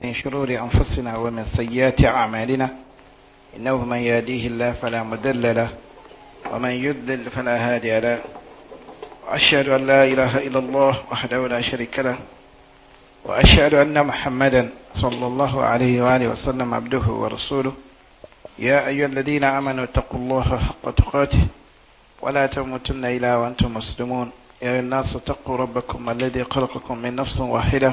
من شرور أنفسنا ومن سيئات أعمالنا إنه من يهديه الله فلا مضل له ومن يضلل فلا هادي له وأشهد أن لا إله إلا الله وحده لا شريك له وأشهد أن محمدا صلى الله عليه وآله وسلم عبده ورسوله يا أيها الذين آمنوا اتقوا الله حق تقاته ولا تموتن إلا وأنتم مسلمون يا الناس اتقوا ربكم الذي خلقكم من نفس واحدة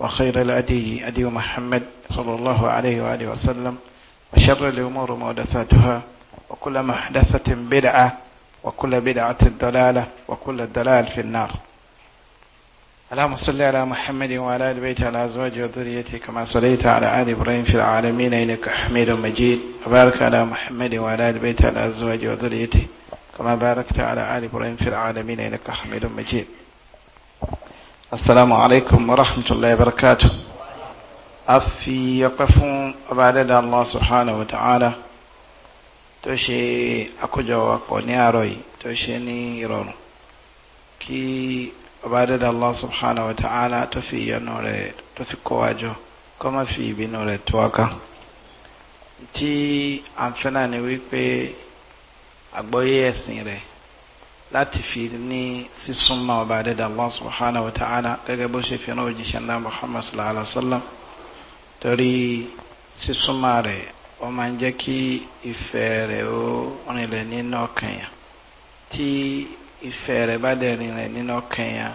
وخير الأدي أدي محمد صلى الله عليه وآله وسلم وشر الأمور محدثاتها وكل محدثة بدعة وكل بدعة ضلالة وكل الضلال في النار اللهم صل على محمد وعلى آل بيته على أزواج وذريته كما صليت على آل إبراهيم في العالمين إنك حميد مجيد وبارك على محمد وعلى آل بيته على أزواج وذريته كما باركت على آل إبراهيم في العالمين إنك حميد مجيد asalaamu alaykum wa rahmatulahi wa barakatu. a fi ọpẹ́ fún ọba adẹ́dàá allah subhanahu wa ta'ala tó ṣe àkójọ akọ ní àárọ̀ yìí tó ṣe ní ìrọ̀rùn kí ọba adẹ́dàá allah subhanahu wa ta'ala tó fi ìyọ́nú rẹ̀ tó fi kó wa jọ kó má fi ìbínú rẹ̀ tó wa ká. tí àǹfẹ́ náà ni wípé àgbọ́yé ẹ̀sìn rẹ̀ láti fi ní sísúnmọ́ ọba àdẹ́dà Allah subhanahu wa ta'ala gẹ́gẹ́ bó ṣe fi rán òjíṣẹ́ ńlá Muhammad sallallahu alaihi wa sallam torí sísúnmọ́ rẹ̀ ó máa ń jẹ́ kí ìfẹ́ rẹ̀ ó rinlẹ̀ nínú ọkàn yẹn tí ìfẹ́ rẹ̀ bá dẹ̀ rinlẹ̀ nínú ọkàn yẹn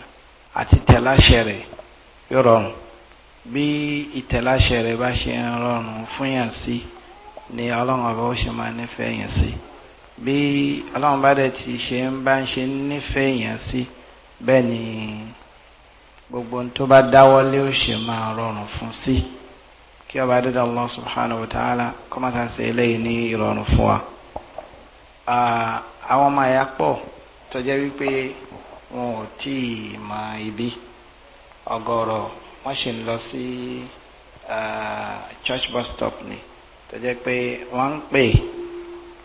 àti tẹ̀láṣẹ rẹ̀ yóò rọrùn bí ìtẹ̀láṣẹ rẹ̀ bá ṣe ń rọrùn fún yàn sí ni ọlọ́run ọba ó ṣe máa nífẹ̀ẹ́ yàn sí bí ọlọ́run bá dẹ̀ ti ṣe ń bá ń ṣe nífẹ̀ẹ́ èèyàn sí bẹ́ẹ̀ ni gbogbo ohun tó bá dáwọ́lé ó ṣe máa rọrùn fún sí kí ọba dídá Allah subhanahu wa ta'ala kó má sá ṣe eléyìí ní ìrọ̀rùn fún wa. àwọn ọmọ àyà pọ̀ tó jẹ́ wípé wọn ò tí ì mọ ibi ọ̀gọ̀rọ̀ wọ́n ṣì ń lọ sí church bus stop ni tó jẹ́ pé wọ́n ń pè é.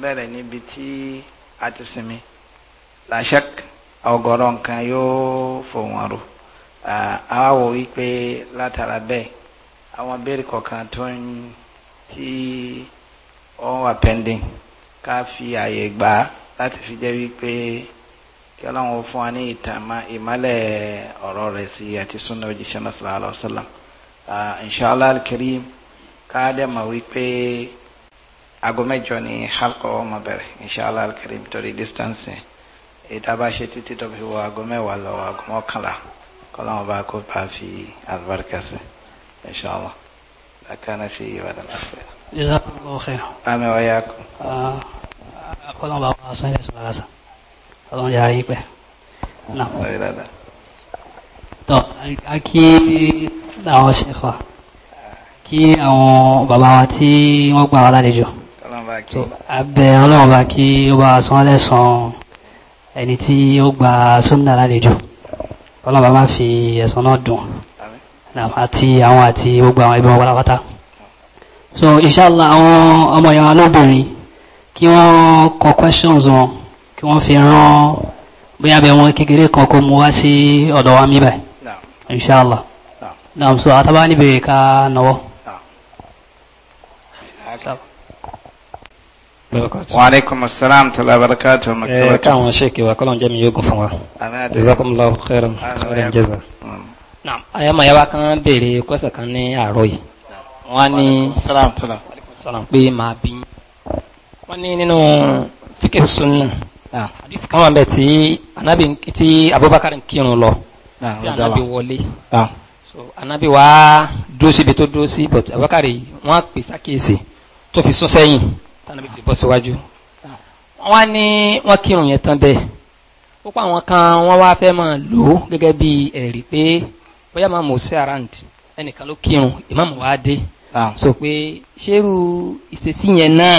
bẹ̀rẹ̀ níbi tí a ti sinmi làṣẹk ọ̀gọ̀rọ̀ nǹkan yóò fò wọn ro àwa wò wípé látara bẹ́ẹ̀ àwọn béèrè kọ̀ọ̀kan tó ń tí ó wà pending ká fi àyè gbà á láti fi jẹ́ wípé kí ọlọ́run fún wa ní ìtàmà ìmálẹ̀ ọ̀rọ̀ rẹ̀ sí àti súnà òjíṣẹ́ náà sallallahu alaihi inshallah al-karim ká dẹ̀ mọ̀ wípé aago mẹ́jọ ni halkọ ọmọ bẹ̀rẹ̀ inshàlá alkarim torí distance ìta bá ṣe títí tó fi wọ aago mẹ́wàá lọ aago mọ́kànlá kọ́lọ́mọ bá kó bá fi alibarika sí inshàlá lakana fi wàdà lásìkò. jazakallahu khairan. àmín wa yakum. Ah, kọ́lọ́mọ bá wà sọ́yìn lẹ́sùn lára sa kọ́lọ́mọ yàrá yín pẹ́. tọ́ a kí àwọn ṣe kọ́ kí àwọn bàbá wa tí wọ́n gbà wá lálejò kí. abẹ ọlọ́run bá kí ó bá san án lẹ́san ẹni tí ó gba sunna lálejò ọlọ́run bá má fi ẹ̀san náà dùn àti àwọn àti gbogbo àwọn ẹbí wọn pátápátá so inshallah àwọn ọmọ ìyá wọn lóbìnrin kí wọ́n kọ questions wọn kí wọ́n fi rán bóyá bẹ wọn kékeré kan kó mu wá sí ọ̀dọ̀ wa mi báyìí inshallah naam so àtàbá níbèrè ká náwó. wa aleykum salaam tala barakatu wa maktabatu. ẹ káwọn ṣèkì wa kọlọ́n jẹ́ mi yóò gùn fún wa. jazakumullahu khairan khairan jaza. Hmm. naam ayama yaba kan béèrè kọ́sẹ̀ kan ní àárọ̀ yìí. wọ́n ní salaam pé màá bí. wọ́n ní nínú fíkẹ́ sunna. àdìsí kan wà bẹ́ẹ̀ tí anabi tí abubakar kírun lọ. tí anabi wọlé. so anabi wàá dúró síbi tó dúró but abubakar wọ́n pè sákèsì tó fi sún sẹ́yìn tànàbí ti bọ́ síwájú wọ́n ní wọ́n kírun yẹn tán bẹ́ẹ̀ ó pa àwọn kan wọ́n wá fẹ́ máa lò ó gẹ́gẹ́ bí ẹ̀rí pé bóyá máa mọ̀ sí around ẹnìkan ló kírun ìmáàmù wá dé ah. sọ pé ṣérú ìṣesí yẹn náà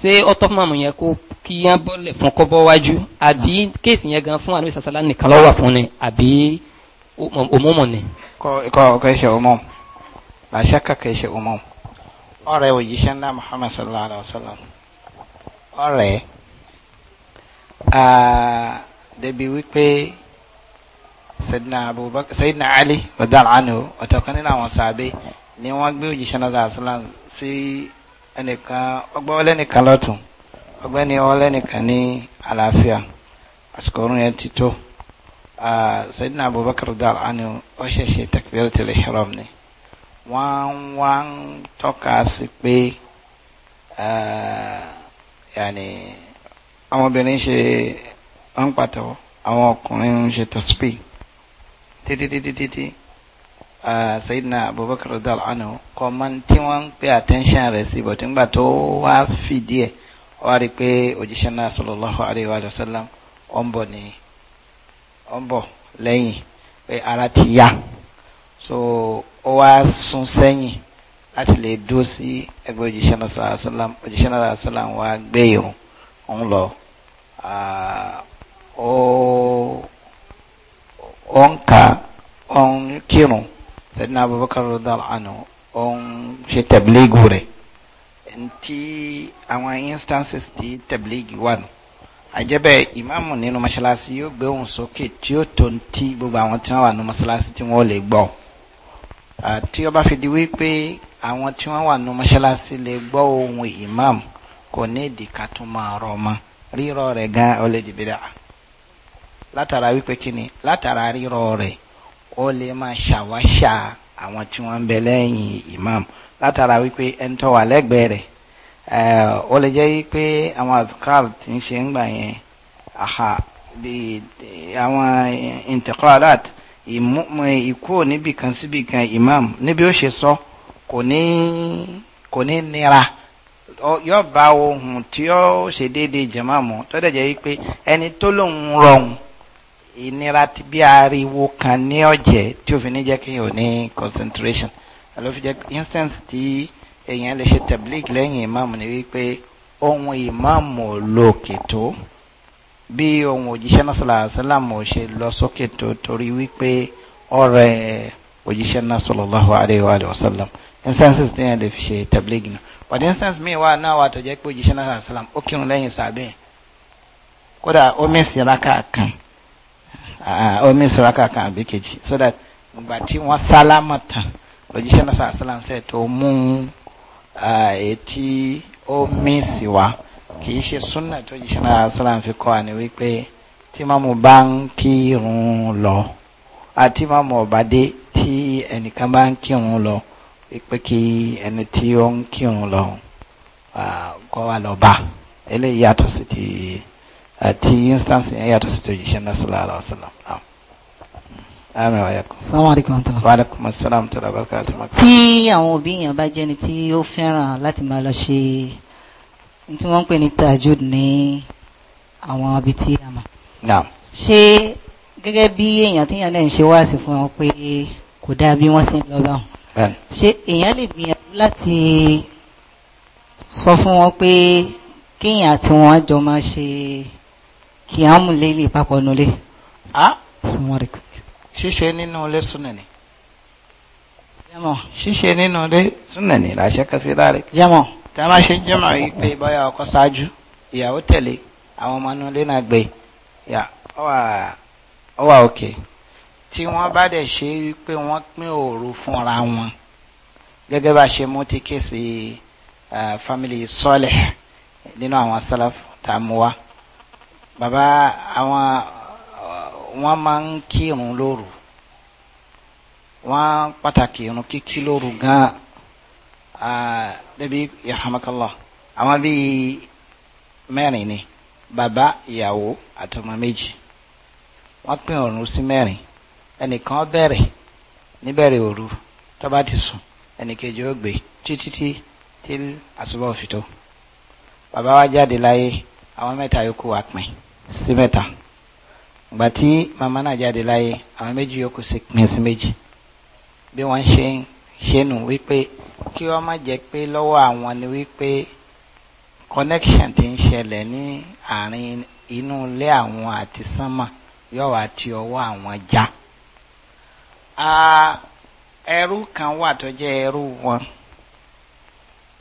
ṣé ọ̀tọ̀ fún yẹn kó kí yẹn bọ́lẹ̀ fún kọ́ wájú àbí kéèsì yẹn gan fún àdúgbò sàṣàlá nìkan lọ́wọ́ fún ni àbí òmùmọ̀ ni. kọ́ ẹ̀kọ́ kẹ́ ṣe òmùmọ̀ làṣà kà kẹ́ ṣe ọ̀rẹ́ òjíṣẹ́ ńlá Muhammad sallallahu alayhi wa sallam ọ̀rẹ́ dẹbi wípé sayidina Abubakar sayidina Ali radiyallahu anhu ọ̀tọ̀kan nínú àwọn sàbẹ̀ ni wọ́n gbé òjíṣẹ́ ńlá sallallahu alayhi wa sallam sí ẹnìkan ọgbẹ́ ọlẹ́nìkan lọ́tún ọgbẹ́ ni ọlẹ́nìkan ní àlàáfíà àsìkò ọ̀run yẹn ti tó sayidina Abubakar radiyallahu anhu ó ṣẹ̀ṣẹ̀ takbiratul ihram ni wọ́n wá ń tọ́ka sí pé yàní àwọn obìnrin ṣe wọ́n ń pàtó àwọn ọkùnrin ń ṣe tasbih títí títí títí eh, sayidina abubakar dal anu kọ máa tí wọ́n ń pè attention rẹ̀ sí bọ̀ tí ń gbà tó wá fìdí ẹ̀ wá rí pé òjíṣẹ́ náà sallallahu alayhi wa sallam ọ̀ ń bọ̀ ní ọ̀ ń bọ̀ lẹ́yìn pé ara ti yá so ó wá sún sẹ́yìn láti lè dúró sí ẹgbẹ́ òjíṣẹ́ náà sọ̀rọ̀ àṣàlám òjíṣẹ́ náà sọ̀rọ̀ àṣàlám wá gbé irun ń lọ ó ń ka ó ń kírun sẹ́dínà Abubakar rọ́dàl àná ó ń ṣe tẹ̀blígù rẹ̀ ntí àwọn instances ti tẹ̀blígù wà nù àjẹbẹ ìmáàmù nínú mọ́ṣáláṣí yóò gbé ohùn sókè tí ó tó ń tí gbogbo àwọn tí wọ́n wà nínú mọ́ṣáláṣí tí wọ́n lè gbọ́ tí ó bá fi di wípé àwọn tí wọ́n wà nù mọ́ṣáláṣí lè gbọ́ ohun imam kò ní ìdí ká tún máa rọ ọmọ rírọ rẹ̀ gan ó lè di bid'a látara wípé kíni látara rírọ rẹ̀ ó lè máa ṣàwáṣà àwọn tí wọ́n ń bẹ lẹ́yìn imam látara wípé ẹni tó wà lẹ́gbẹ̀ẹ́ rẹ̀ eh, ó lè jẹ́ wípé àwọn azkar tí ń ṣe ń gbà yẹn aha bíi àwọn intiqalat ìmú eh, ìkúrò níbì kan síbì kan imam níbi ó ṣe sọ kò ní kò ní nira yóò bá ohun tí ó ṣe déédéé jàmá mu tó dẹ̀ jẹ́ wípé ẹni tó lòun rọrùn ìnira bí ariwo kan ní ọ̀jẹ̀ tí ó fi ní jẹ́ kí èèyàn ò ní concentration ló fi jẹ́ instance tí èèyàn lè ṣe tabligh lẹ́yìn imam ni wípé ohun imam ò lòkè tó bí ohun òjíṣẹ́ náà sọ̀rọ̀ àṣàlámù ṣe lọ sókè tó torí wípé ọ̀rẹ́ òjíṣẹ́ náà sallallahu alaihi wa sallam instances tó yẹn lè fi ṣe tẹ̀blẹ́gì náà but instance mi wà náà wà tó jẹ́ pé òjíṣẹ́ náà sọ̀rọ̀ àṣàlámù ó kírun lẹ́yìn sàbẹ̀ kódà ó mẹ́sì rákà kan ah, ó mẹ́sì rákà kan àbí kejì so that ìgbà tí wọ́n sálámà tán òjíṣẹ́ náà sọ̀rọ̀ àṣàlámù sẹ́ẹ̀ tó mú ah, ètí ó mẹ́sì wá kì í ṣe súnà tó yìí ṣẹlẹ̀ àṣàlàn fi kọ́ àní wípé tí mọ́mú bá ń kírun lọ àti mọ́mú ọ̀bá dé tí ẹnìkan bá ń kírun lọ wípé kí ẹni tí ó ń kírun lọ kọ́ wa lọ bá eléyìí yàtọ̀ sí ti àti instance yẹn yàtọ̀ sí ti yìí ṣẹlẹ̀ àṣàlàn àṣàlàn. Àmín wa àwọn òbí yẹn bá jẹ́ni tí ó fẹ́ràn láti máa lọ ṣe tí wọ́n ń pè ní tajud ní àwọn ibi tí a mọ̀. ṣé gẹ́gẹ́ bí èèyàn tí èèyàn náà ń ṣe wáàsí fún wọn pé kò dáa bí wọ́n sì ń lọ bá wọn. ṣé èèyàn lè gbìyànjú láti sọ fún wọn pé kéèyàn àti wọn jọ máa ṣe kí á mú lé lè papọ̀ nulẹ̀. ṣíṣe nínú ilé súnà ni. ṣíṣe nínú ilé súnà ni làṣẹ kẹfì láre tí wọ́n bá ṣe jẹ́mọ̀ yìí pé bọ́yá ọkọ ṣáájú ìyàwó tẹ̀lé àwọn ọmọ inú ilé náà gbé yà ọ wà òkè tí wọ́n bá dẹ̀ ṣe pé wọ́n pín òru fúnra wọn gẹ́gẹ́ bá ṣe mú ti kéèsì family sọ́lẹ̀ nínú àwọn sálàfù tá a mú wa bàbá àwọn wọ́n máa ń kírun lóru wọ́n pàtàkì irun kíkí lóru gan-an débi ah, yarhamakallah àwọn bíi mẹ́rin ni bàbá ìyàwó àtọmọ méjì wọ́n pín ọ̀run sí mẹ́rin ẹnìkan bẹ̀rẹ̀ níbẹ̀rẹ̀ òru tó bá ti sùn ẹnìkejì ó gbé títí tí tí àsùbọ̀ fi tó bàbá wa jáde láyé àwọn mẹ́ta yòókù wá pín sí mẹ́ta ìgbà tí màmá náà jáde láyé àwọn méjì yòókù sì pín sí méjì bí wọ́n ṣe ń ṣe nù wípé kí wọ́n má jẹ́ pé lọ́wọ́ àwọn ni wípé connection ti ń ṣẹlẹ̀ ní àárín inú ilé àwọn àti sánmà yóò wá ti ọwọ́ àwọn já ẹrú kan wà tó jẹ́ ẹrú wọn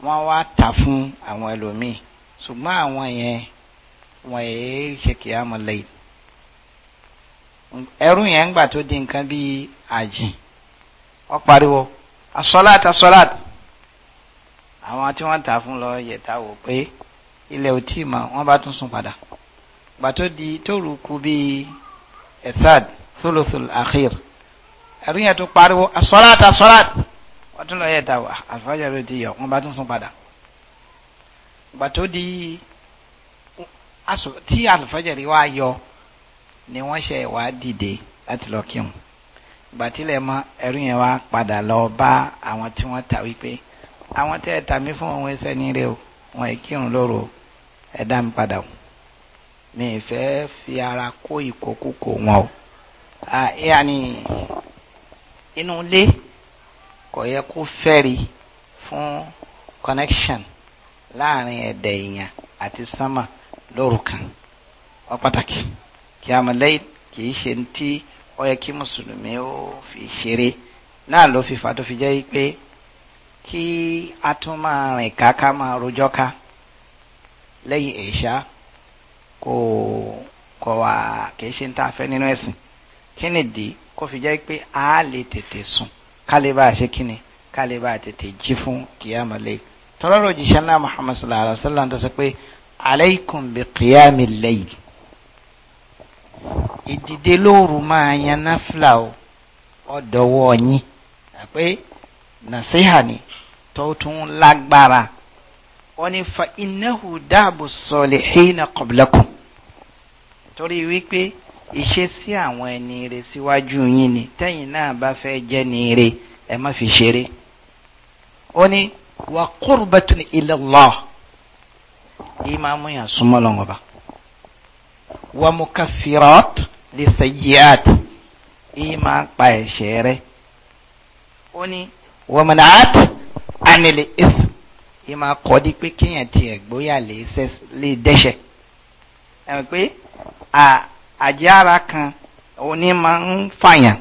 wọ́n wá tà fún àwọn ẹlòmíì ṣùgbọ́n àwọn yẹn wọ́n yéé ṣe kìámù lẹ́yìn ẹrú yẹn ń gbà tó di nǹkan bíi àjìn wọ́n pariwo asọ́láàtì asọ́láàtì àwọn tí wọ́n tà fún lọ yẹ̀ta wò pé ilẹ̀ ò tí ma wọ́n bá tún sùn padà gbà tó di tóru ku bíi ethad thuluthul akhir ẹ̀rú yẹn tún pariwo asọ́láàt asọ́láàt wọ́n tún lọ yẹ̀ta wò àfọ́jà ló ti yọ wọ́n bá tún sùn padà gbà tó di tí àlùfọ́jà rí wá yọ ni wọ́n ṣe wá dìde láti lọ kírun gbàtílẹ̀ mọ́ ẹrú yẹn wá padà lọ bá àwọn tí wọ́n ta wípé àwọn tẹ́ ẹ tà mí fún àwọn ẹsẹ̀ ní rẹ o wọn kírun lóru ẹ dá mi padà o mi fẹ́ fi ara kó ìkókúkò wọn o yàní inú ilé kò yẹ kó fẹ́ri fún connection láàrin ẹ̀dẹ̀ èèyàn àti sánmà lóru kan wọ́n pàtàkì kí a mọ̀ lẹ́yìn kì í ṣe ní tí ó yẹ kí mùsùlùmí ó fi ṣeré náà ló fi fà tó fi jẹ́ pé kí a tún máa rìn ká ká máa rojọ́ ká lẹ́yìn ìṣá kò kò wá kìí ṣe ń tá a fẹ́ nínú ẹ̀sìn kí ni dì kó fi jẹ́ pé a lè tètè sùn ká lè bá a ṣe kí ni ká lè bá a tètè jí fún kìyàmù lẹ́yìn tọ́lá rò jíṣẹ́ náà sallallahu alayhi wa sallam tó sọ pé alaykum bi qiyami layl ìdìde lóru máa yan náfìlà ọ̀dọ̀wọ́ yín pé nàṣíhà ni tó tún lágbára wọ́n ní fa innahu da'bu salihina qablakum torí wípé ìṣesí àwọn ẹni rẹ̀ síwájú yín ni tẹ́yìn náà bá fẹ́ jẹ́ ni rẹ̀ ẹ má fi ṣeré ó wa qurbatun ila Allah yìí máa mú yàn wa mukaffirat li sayyi'at yìí máa pa ẹ̀ṣẹ̀ wa man'at anil ithm yìí máa kọ́ di pé kéèyàn tiẹ̀ gbóyà lè dẹ́ṣẹ̀ ẹ̀mí pé àjára kan òní máa ń fàyàn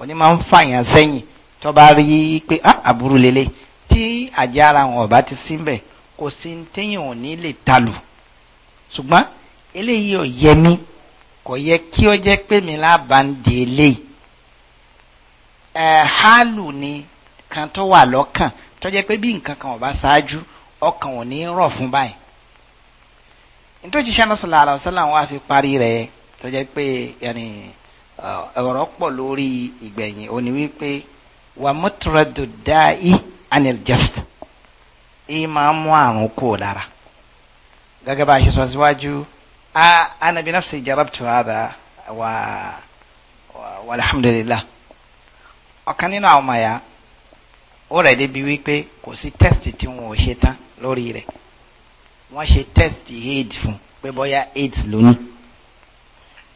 òní máa ń fàyàn sẹ́yìn tó bá rí i pé ah, àbúrú lélẹ̀ tí àjára wọn ọba ti síbẹ̀ kò sí téèyàn òní lè talù ṣùgbọ́n eléyìí ò yẹ mí kò yẹ kí ó jẹ́ pé mi lábàndé eléyìí ẹ̀ hálù ni kan tó wà lọ́kàn tó jẹ́ pé bí nǹkan kan ò bá ṣáájú ọkàn ò ní rọ̀ fún báyìí nítorí sẹ́nu sọ̀lá àlọ́sọ́lá wọn á fi parí rẹ̀ tó jẹ́ pé yẹnì ọ̀rọ̀ pọ̀ lórí ìgbẹ̀yìn òní wípé wà mọ́tòrọ́dò dá i anil just èyí máa mú àrùn kú ò lára gẹ́gẹ́ bá a ṣe sọ síwájú a anabi nafsi jarabtu hada wa alhamdulillah ọ̀kan nínú àwọn ọmọ ya ó rẹ̀ débi wípé kò sí test tí wọn ò ṣe tán lórí rẹ̀ se ṣe test aids fún pé bóyá aids ló o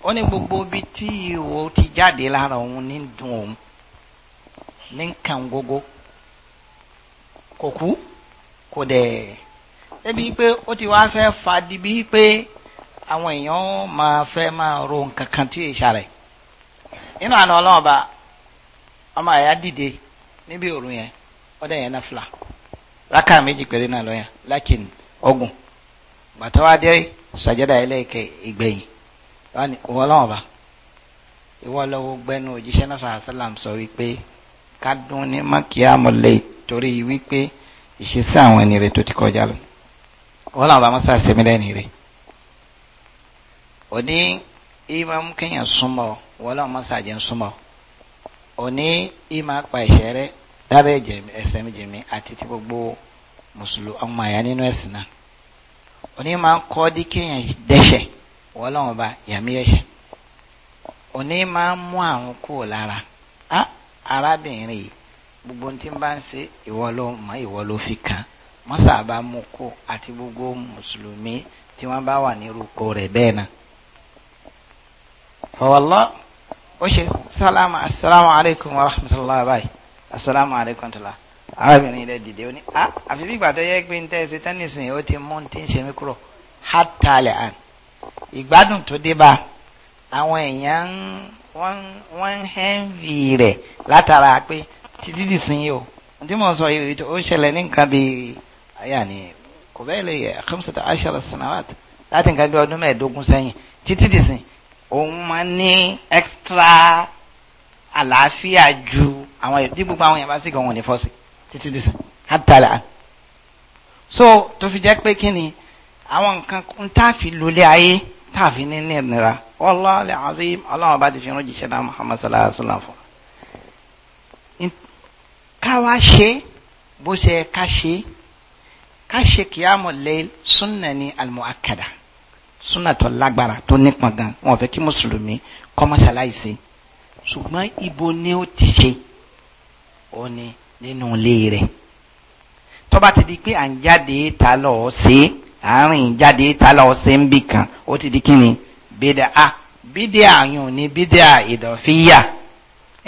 ó ní gbogbo bi tí ìwò ti jáde lára òun ní dùn òun ní nǹkan gógó kò kú kò ti wá fẹ́ fa dibi pé àwọn èèyàn máa fẹ́ máa ro nǹkan kan tí èèṣà rẹ̀ àná ọlọ́run ọba ọmọ àyà dìde níbi ọdẹ yẹn náfìlà rákà méjì péré náà lọ́yà lákìn ọgùn bàtà wa dé sàjẹ́dà ẹlẹ́ẹ̀kẹ́ ìgbẹ̀yìn wọn ni wọn lọ́wọ́ bá ìwọ lọ́wọ́ gbẹ́nu òjíṣẹ́ náà sàásàlám sọ wípé ká dún ní mákìámù lẹ́yìn torí wípé ìṣesí àwọn ẹni rẹ tó ti kọjá lọ wọn làwọn bá mọ́ sáà sẹ́mi lẹ́ni rẹ òní ìmọ̀ kéèyàn súnmọ́ wọn làwọn mọ́ sáà jẹ́ súnmọ́ òní ìmọ̀ apá ìṣẹ́ rẹ lábẹ́ ẹsẹ̀ méjèèmí àti ti gbogbo mùsùlùmí ọmọ àyà nínú ẹ̀sìn náà òní máa ń kọ́ dí kéèyàn dẹ́ṣẹ̀ wọ́n lọ́wọ́n ba yàmí ẹ̀ṣẹ̀ òní máa ń mú àrùn kúrò lára á arábìnrin yìí gbogbo tí ń bá ń ṣe ìwọ ló mọ ìwọ ló fi kàn wọ́n sábà mú kó àti gbogbo mùsùlùmí tí wọ́n bá wà ní rúkọ rẹ̀ bẹ́ẹ̀ náà. fọwọ́lọ́ ó ṣe sálámù asalaamu wa rahmatullahi wa barakatuh asalaamu aleykum tala arábìnrin rẹ dide ó ní a ah, àfi bí ìgbà tó yẹ pé ń tẹ́ ṣe tẹ́nìsìn ó ti mú ti ń ṣe mí kúrò hátàlẹ̀ àn ìgbádùn tó dé bá àwọn èèyàn wọ́n ń hẹ́ǹvì rẹ̀ látara pé títí dì sí yìí o tí mo sọ yìí ó ṣẹlẹ̀ ní nǹkan bíi yàní kò bẹ́ẹ̀ lè yẹ khamsata ashara sanawat láti nǹkan bíi ọdún mẹ́ẹ̀ẹ́dógún sẹ́yìn títí dì sí òun máa ní extra àlàáfíà ju àwọn yẹn bí gbogbo àwọn yẹn bá sì kàn wọn ní fọ́ọ̀sì títí dì sàn á tààlà. so tó fi jẹ́ pé kí ni àwọn nǹkan ń tá a fi lulẹ̀ ayé tá a fi ní ní ìnira wallahi azim ọlọ́run bá ti fi irun jíṣẹ́ náà muhammad sallallahu alayhi wa sallam fún un. káwa ṣe bó ṣe ká ṣe ká ṣe kìámù lẹ́yìn súnà ní almuakkada súnà tó lágbára tó nípọn gan wọn fẹ́ kí mùsùlùmí kọ́mọ́ṣáláìsì ṣùgbọ́n ibo ni ó ti ṣe ó ní nínú ilé rẹ̀ tó bá ti di pé à ń jáde ta lọ ṣe àárín jáde ta lọ ṣe ń bì kan ó ti di kí ah, ni bídà á bídà àyùn ní bídà ìdọ̀fíyà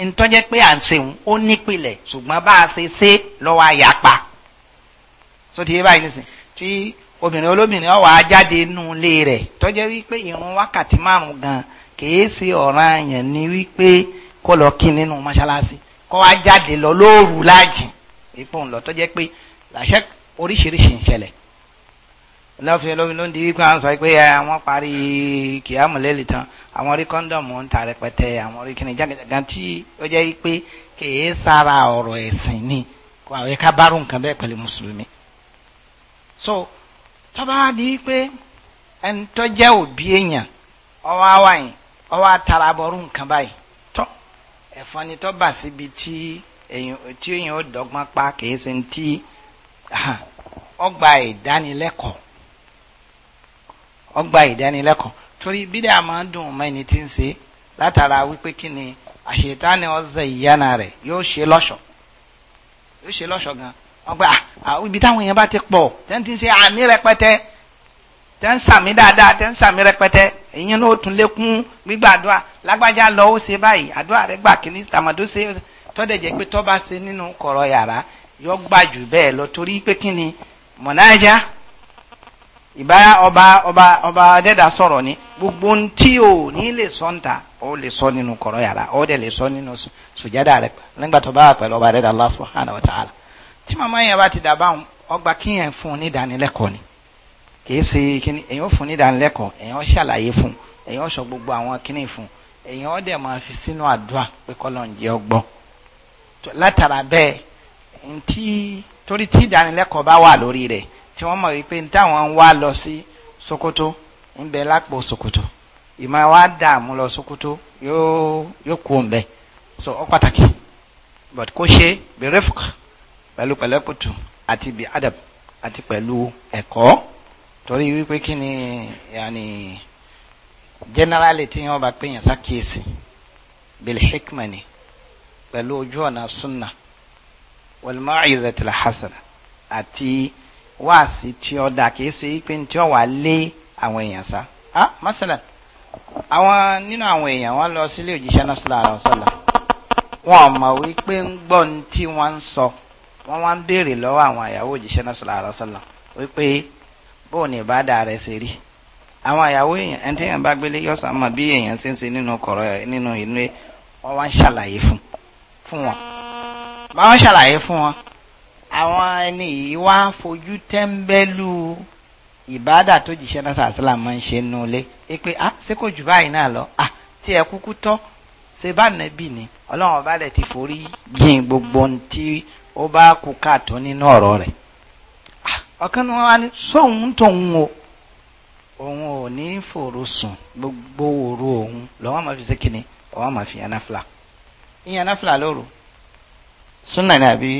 ntọ́jẹ́ pé à ń ṣeun ó nípìlẹ̀ ṣùgbọ́n bá a ṣe ṣe lọ́wọ́ àyàpá so ti yé báyìí nísìn tí obìnrin olóbìnrin ó wá jáde nínú ilé rẹ̀ tọ́jẹ́ wípé ìrun wákàtí márùn-ún gan kìí ṣe ọ̀ranyàn ni wípé kó lọ kí nínú mọ́ṣáláṣí kọ́ wá jáde lọ lóòrù láàjìn ipò ńlọ tó jẹ́ pé làṣẹ oríṣiríṣi ń ṣẹlẹ̀ lọ́fẹ̀ẹ́ lómi ló ń di wípé à ń sọ pé àwọn parí kìámù lẹ́lì tán àwọn rí kọ́ńdọ̀mù ń ta rẹpẹtẹ àwọn rí kíni jágajàgan tí ó jẹ́ pé kìí sára ọ̀rọ̀ ẹ̀sìn ni kó àwọn ẹ̀ka bárò nǹkan bẹ́ẹ̀ pẹ̀lú mùsùlùmí. so tọ́ba di pé ẹni tó jẹ́ òbí èèyàn ọwọ́ àwàyìn ọwọ́ àtàràbọ̀rù nǹkan báyìí ẹ̀fọn ni tó bà síbi tí tí èèyàn ó dọ́gbọ́n pa kì í ṣe ń tí ọgbà ah, ìdánilẹ́kọ̀ọ́ ọgbà ìdánilẹ́kọ̀ọ́ torí bídẹ́ àmọ́ dùn mọ́ ẹni tí ń ṣe látara wípé kí ni àṣetáni ọ̀sẹ̀ ìyána rẹ̀ yóò ṣe lọ́ṣọ̀ yóò ṣe lọ́ṣọ̀ gan wọ́n gbà ah, ibi táwọn èèyàn bá ti pọ̀ tẹ́ntì ń ṣe àmì rẹpẹtẹ tẹ́ ń sàmì dáadáa tẹ́ ń sàmì rẹpẹtẹ ìyẹn náà ó tún lékún gbígbàdúrà lágbájá lọ ó ṣe báyìí àdúrà rẹ gbà kínní tàmàdó ṣe tọ́dẹ̀ jẹ́ pé tọ́ bá ṣe nínú kọ̀rọ̀ yàrá yọ gbà jù bẹ́ẹ̀ lọ torí pé kí ni mọ̀nájà ìbá ọba ọba ọba adẹ́dà sọ̀rọ̀ ni gbogbo ohun tí o ní lè sọ ń ó lè sọ nínú kọ̀rọ̀ yàrá ó dẹ̀ lè sọ nínú sùjádà rẹ nígbà bá wà pẹ̀lú ọba adẹ́dà Allah subhanahu wa ta'ala tí màmá ti dà báwọn ọgbà kíyẹn fún un ní kìí ṣe kíní èyàn fún nídánilẹ́kọ̀ọ́ èyàn ṣàlàyé fún èyàn sọ gbogbo àwọn kíní fún èyàn dẹ̀ máa fi sínú àdúrà pé kọ́lọ́n jẹ́ ọgbọ́n látara bẹ́ẹ̀ ntí torí tí ìdánilẹ́kọ̀ọ́ bá wà lórí rẹ̀ tí wọ́n mọ̀ wípé ní táwọn ń wá lọ sí Sokoto ń bẹ lápò Sokoto ìmọ̀ wa dààmú lọ Sokoto yóò yóò kú ń so ọ pàtàkì but kó ṣe bẹ̀rẹ̀ fún pẹ̀lú adab àti pẹ̀lú ẹ̀kọ́ torí wípé kí ni yàní generally tí wọn bá pè yàn sákìyèsí bil hikma ni pẹ̀lú ojú ọ̀nà sunna wal ma'izatil hasana àti wáàsí tí ó dà kìí ṣe pé tí ó wà lé àwọn èèyàn sá ah masalan àwọn nínú àwọn èèyàn wọn lọ sílé òjíṣẹ́ náà sallallahu alaihi wasallam wọn mọ̀ wípé ń gbọ́ ní tí wọ́n ń sọ wọ́n wá ń béèrè lọ́wọ́ àwọn àyàwó òjíṣẹ́ náà sallallahu alaihi wasallam wípé bó ní ìbáda rẹ̀ ṣe rí àwọn àyàwó èèyàn ẹni tí èèyàn bá gbélé yọ sàmọ bí èèyàn ṣe ń ṣe nínú kọ̀rọ̀ ẹ nínú inú ẹ wọn wá ń ṣàlàyé fún fún wọn bá wọn ṣàlàyé fún wọn àwọn ẹni yìí wá fojú tẹ́ńbẹ́lú ìbáda tó jìṣẹ́ náà sàṣìlá máa ń ṣe nínú ilé ẹ pé ah ṣé kò jù báyìí náà lọ ah tí ẹ kúkú tọ́ ṣe bá nàbì ni ọlọ́run ọba rẹ̀ ti forí jìn gbogbo ohun tí ó bá kú káàtó nínú ọ̀rọ̀ rẹ̀ ọ̀kan wa ni sóun tóun o òun ò ní fòrò sùn gbogbo òru òun lọ́wọ́ máa fi ṣe kínní ọ̀wọ́ máa fi yanáfìlà yanáfìlà lóru súnà ní àbí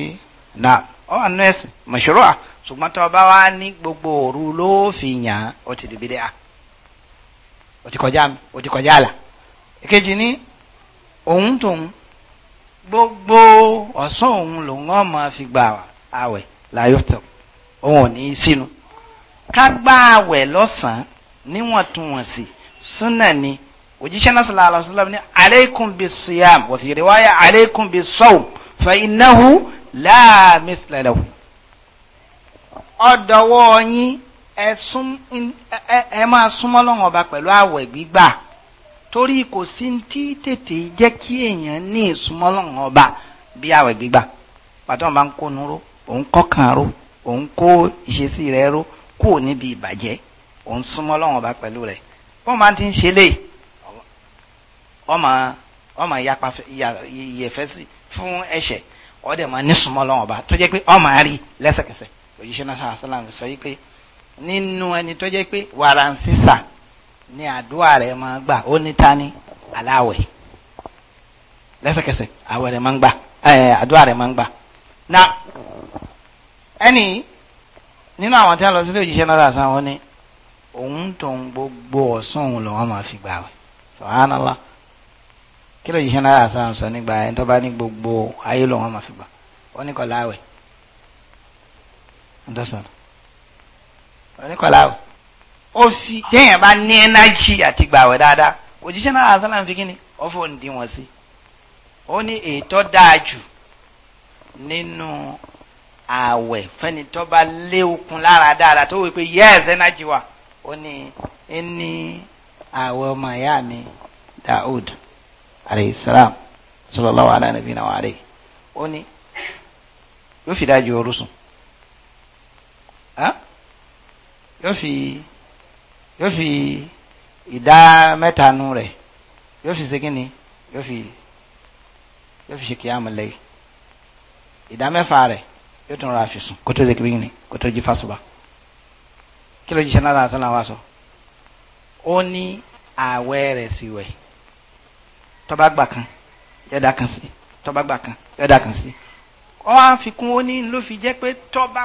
na ọ̀ àánú ẹ̀sìn mọ̀ṣúrọ̀ à ṣùgbọ́n tó o bá wá ní gbogbo òru ló fi yàn án ó ti di bídẹ́ à ó ti kọjá mi ó ti kọjá àlà èkejì ní òun tóun gbogbo ọ̀sán òun lòun ọ̀ máa fi gbà àwẹ̀ láyọ̀ tẹ̀wọ̀ òun ò ní í sínú ká gbá àwẹ̀ lọ́sàn-án níwọ̀ntúnwọ̀nsì súnà ni òjíṣẹ́ náà sallallahu alaihi wasallam ní aleikum bi siyam wa fi riwaya aleikum bi sawm fa innahu la mithla lahu ọ̀dọ̀wọ́ yín ẹ máa súnmọ́ lọ́wọ́n ọba pẹ̀lú àwẹ̀ gbígbà torí kò sí tí tètè jẹ́ kí èèyàn ní ìsúnmọ́ lọ́wọ́n ọba bí àwẹ̀ gbígbà pàtó wọn ń kó nuró òun kọ́ kàn án ró òun kó ìṣesí rẹ ró kúrò níbi ìbàjẹ́ òun súnmọ́ Ọlọ́run ọba pẹ̀lú rẹ̀ wọ́n máa ti ń ṣe léyìí ọmọ ọmọ yapa yẹfẹ sí fún ẹ̀ṣẹ̀ ọdẹ máa ní súnmọ́ Ọlọ́run ọba tó jẹ́ pé ọmọ àárí lẹ́sẹ̀kẹsẹ̀ òjíṣẹ́ náà sàlám sọ yìí pé nínú ẹni tó jẹ́ pé wàrà ń sísà ni àdúrà rẹ̀ máa gbà ó ní tani aláwẹ̀ lẹ́sẹ̀kẹsẹ̀ àwẹ̀ rẹ̀ àdúrà rẹ̀ máa ń gbà ẹnì nínú àwọn tí wọn lọ sílé òjíṣẹ́ náà sàn wọn ni òun tó ń gbogbo ọ̀sán òun lọ́wọ́ máa fi gbà wẹ̀ sọ̀hánàlá kí ló òjíṣẹ́ náà sàn sọ nígbà ẹni tó bá ní gbogbo ayé lọ́wọ́ máa fi gbà wọn ní kọlá wẹ̀ ǹdọ́sàn wọn ó fi téèyàn bá ní ẹnájì àti gbà wẹ̀ dáadáa òjíṣẹ́ náà sàn láǹfi kí ni ọ̀fọ̀ òǹdí wọn sí ó ní ètò dáa jù nínú ààwẹ̀ fẹ́ni tó bá lé okun lára dáadáa tó wí pé yẹ́ẹ̀sì ẹnájì wa ó ní ní ààwẹ̀ ọmọ ìyá mi Daoud aleyhisselam sallallahu ala nabiyina wa aleyhi ó ní yóò fi dájú ooru sùn yóò fi yóò fi ìdá mẹ́ta rẹ̀ yóò fi segin ni yóò fi yóò fi ṣe kíyàmù lẹ́yìn ìdá mẹ́fà rẹ̀. yóò tún ra fi sùn kó tó ṣe ni kó tó jí fásùbà kí ló jíṣẹ́ náà sọ́nà wa sọ ó ní o rẹ̀ sì wẹ̀ tọ́ba gbà kan yọ̀dà kan sí tọ́ba gbà kan yọ̀dà kan sí ó wá fi kún ó ní ló fi jẹ́ pé tọ́ba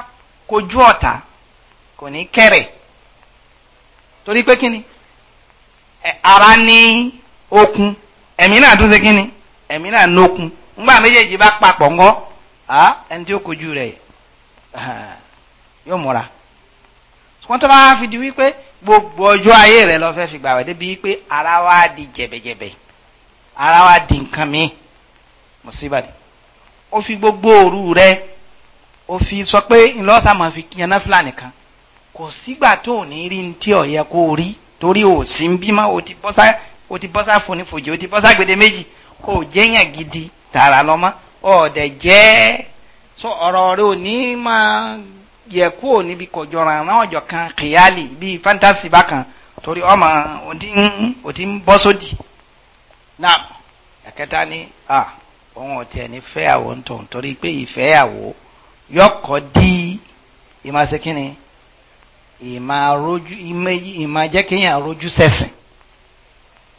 kojú ọ̀tá kò ní kẹ̀rẹ̀ torí ni ara ní okun ẹ̀mí náà tún ṣe kí ni ẹ̀mí náà nókun ńgbà méjèèjì bá papọ̀ ńgọ́. a ẹni tí ó kojú rẹ̀ yóò múra wọ́n tó bá fi di wípé gbogbo ọjọ́ ayé rẹ̀ lọ fẹ́ fi gbà wẹ̀ débi wípé ara wa di jẹ̀bẹ̀jẹ̀bẹ̀ ara wa di nǹkan mi mùsíbàdì ó fi gbogbo òru rẹ̀ ó fi sọ pé ńlọ́sà máa fi yaná fúlàní kan kò sígbà tó ní rí ní tí ò kó rí torí ò sí ń bímọ o ti bọ́sà o ti bọ́sà fúnifòjì o ti bọ́sà gbèdé méjì jẹ́yàn gidi tààrà lọ́mọ́ ọ̀dẹ̀ jẹ́ so ọ̀rọ̀ rẹ ò ní máa yẹ kúrò níbi kọjọra àwọn kan kìyàlì bíi fantasy bákan torí ọmọ òdi ń bọ́ sódì náà ẹ̀kẹta ni à òun ò fẹ́yàwó ń tọ̀ nítorí pé ìfẹ́yàwó yọkọ̀ ìmọ̀sẹ́kínni ìmọ̀jẹ́ kéèyàn rojú sẹ́sìn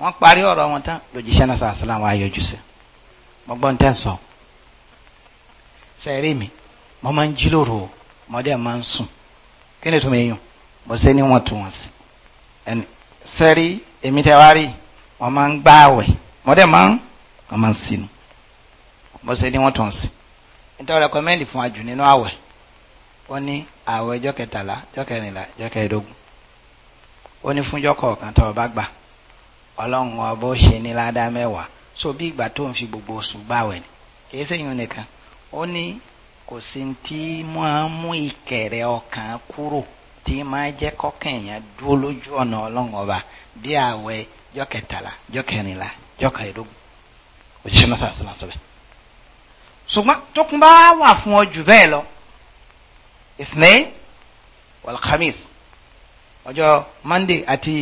wọ́n parí ọ̀rọ̀ wọn tán náà wọn sí gbọ́gbọ́n tẹ́ ń sọ. sẹ́rí mi mo máa ń jí lóru o mo dẹ̀ máa ń sùn kí ni tuma eyín bó ṣe ni wọ́n tún wọ́n sí ẹni sẹ́rí èmi tẹ́ wá rí mo máa ń gbààwẹ̀ mo dẹ̀ máa ń mo máa ń sinu bó ṣe ni wọ́n tún wọ́n sí nítorí rẹkọmẹ́ndì fún àjù nínú àwẹ̀ ó ní àwẹ̀ ọjọ́ kẹtàlá ọjọ́ kẹrìnlá ọjọ́ kẹẹ̀ẹ́dógún ó ní fúnjọ́ kọ̀ọ̀kan tó o bá gbà ọlọ́run ọba ó ṣe ní ládàá mẹ́wàá so bí ìgbà tó ń fi gbogbo oṣù gbààwẹ̀ ni kì í ṣèyún nìkan ó ní kò sí tí máa mú ìkẹ̀rẹ̀ ọkàn kúrò tí máa jẹ́ kọ́kàn èèyàn dúró lójú ọ̀nà ọlọ́run ọba bí ààwẹ̀ jọ́ kẹtàlá jọ́ kẹrìnlá jọ́ náà sàṣẹ náà sọbẹ̀. ṣùgbọ́n tókun bá wà fún ọ jù bẹ́ẹ̀ lọ ìsìnẹ́ wàlkhamis ọjọ́ monday àti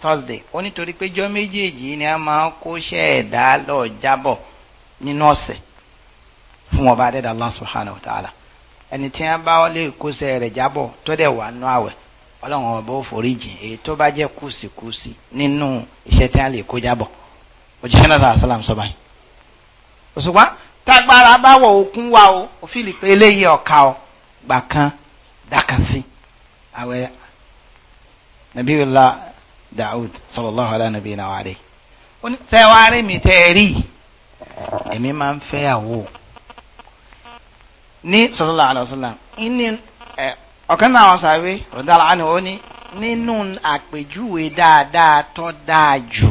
thursday ó nítorí pé jọ́ méjèèjì ni a máa kó ṣẹ́ẹ̀dá lọ́ọ́ jábọ̀ nínú ọ̀sẹ̀ fún ọba adẹ́dà Allah subhanahu wa ta'ala ẹni tí a bá lè kóṣẹ rẹ jábọ̀ tó dẹ̀ wà nù àwẹ̀ ọlọ́run ọba ó forí jìn èyí tó bá jẹ́ kùsìkùsì nínú tí a lè kó jábọ̀ òjíṣẹ́ Daud ala wa mi ẹ rí ní sallallahu alaihi wasallam ní ọ̀kan náà wọn sàbẹ rọdàlá àná ó ní nínú àpèjúwe dáadáa tó dáa jù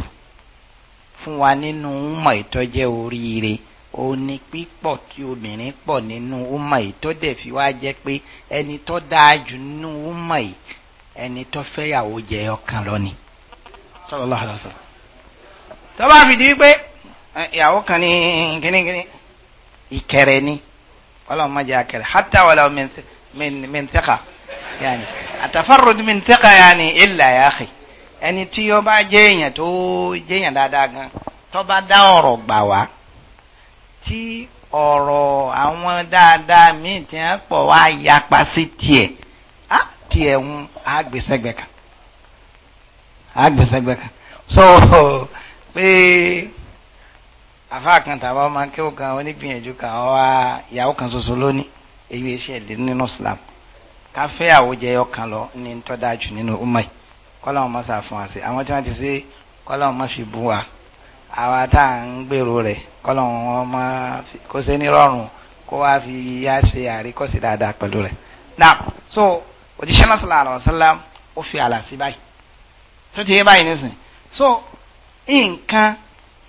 fún wa nínú ọmọ ìtọ́jẹ́ oríire ó ní pípọ̀ tí obìnrin pọ̀ nínú ọmọ ìtọ́jẹ́ fi wá jẹ́ pé ẹni tó dáa jù nínú ọmọ yìí ẹni tó fẹ́yàwó jẹ ọ̀kan lọ́ni sallallahu alaihi wasallam tó bá fìdí pé ìyàwó kan ní kínníkínní ìkẹrẹ ni ọlọ́run má jẹ́ akẹrẹ hátà wàlá mẹ́ntẹ́kà yanni àtàfàrọ̀dù mẹ́ntẹ́kà yanni ilà yàkì ẹni tí yóò bá jẹ́ èèyàn tó jẹ́ èèyàn dáadáa gan tó bá dá ọ̀rọ̀ gbà wá tí ọ̀rọ̀ àwọn dáadáa míì tí wọ́n pọ̀ wá yapa sí tiẹ̀ á tiẹ̀ ń àgbèsẹ́gbẹ̀ kan àgbèsẹ́gbẹ̀ kan so pé àfáà kan tàbá ọmọ akéwò kan onígbìyànjú kan ọwá ìyàwó kan ṣoṣo lónìí èyí iṣẹ́ ìdí nínú Islam káfẹ́ àwòjẹ ọkàn lọ ní tọ́dájú nínú umar yìí kọ́lá wọn mọ́sà fún wa sí àwọn tí wọ́n ti ṣe kọ́lá wọn mọ́ fi bú wa àwa tá à ń gbèrò rẹ̀ kọ́lá wọn mọ́ kó ṣe ní rọrùn kó wá fi yá ṣe àríkọ́sí dáadáa pẹ̀lú rẹ̀ now so òjíṣẹ́ náà sallallahu alaihi wasallam ó fi àlà sí báyìí tó ti yé báyìí nísìnyí so nǹkan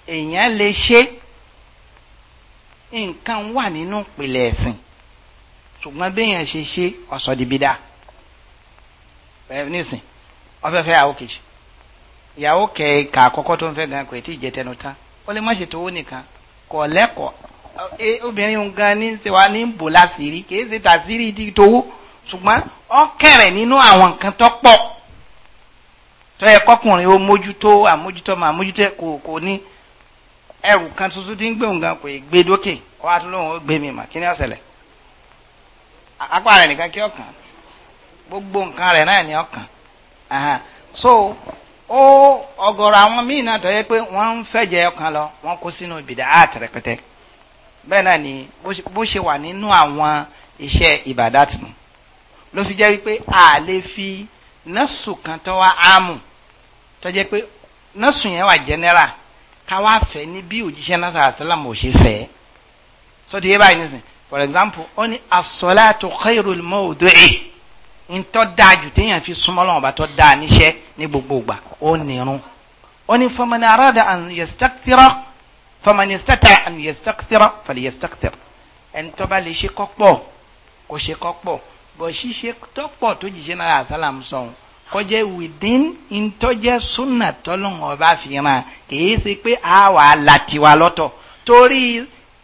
èèyàn lè ṣe nǹkan wà nínú ìpìlẹ̀ ẹ̀sìn ṣùgbọ́n béèyàn ṣe ṣe ọ̀sọ̀dìbìdà bẹ́ẹ̀ nísìn ọfẹ́ fẹ́ yàwó kejì yàwó kẹ̀ka àkọ́kọ́ tó ń fẹ́ gan kò tí ì jẹ tẹnu tán ó lè má ṣe tówó nìkan kò lẹ́kọ̀ọ́ obìnrin gan ní ṣe wá ní bò láṣìírí kì í ṣe tàṣírí ti tówó ṣùgbọ́n ó kéré nínú àwọn nǹkan tó pọ̀ tó yẹ kọkùnrin ó mójútó àmójútó mà àmójútó kò kò ní ẹrù kan tuntun tí ń gbé òun gan kò gbé dókè ọ wá tún lóun ó gbé mi mà kí ni ọ̀sẹ̀lẹ̀ apá rẹ̀ nìkan kí ọkàn gbogbo nǹkan rẹ̀ náà ni ọkàn so ó ọ̀gọ̀rọ̀ àwọn míì náà tọ́ yẹ pé wọ́n ń fẹ̀jẹ̀ ọkàn lọ wọ́n kó sínú bìdà áàtì rẹpẹtẹ bẹ́ẹ̀ náà ni bó ṣe wà nínú àwọn iṣẹ́ ìbàdàtìnù ló fi jẹ́ wípé a fi nọ́ọ̀sù kan tó wá áàmù tó jẹ́ pé nọ́ọ̀sù yẹn wà general káwá fẹ́ ní bí òjíṣẹ́ náà sàlám ò ṣe fẹ́ so yé báyìí nísìn for example ó ní asọ́láàtò khairul mawdu'i ń tọ́ dáa jù téèyàn fi súnmọ́ lọ́wọ́ bá tọ́ dáa níṣẹ́ ní gbogbo ìgbà ó nírun ó ní faman arada an yastakthira faman istata an yastakthira fal yastakthir ẹni lè ṣe kọ́pọ̀ kò ṣe kọ́pọ̀ bọ̀ ṣíṣe tọ́pọ̀ tó jíṣẹ́ náà sàlám sọ̀hún kọjẹ within ntọjẹ sunna tọlọn ọba fìràn kìí ṣe pé a wà á latiwa lọ́tọ̀ torí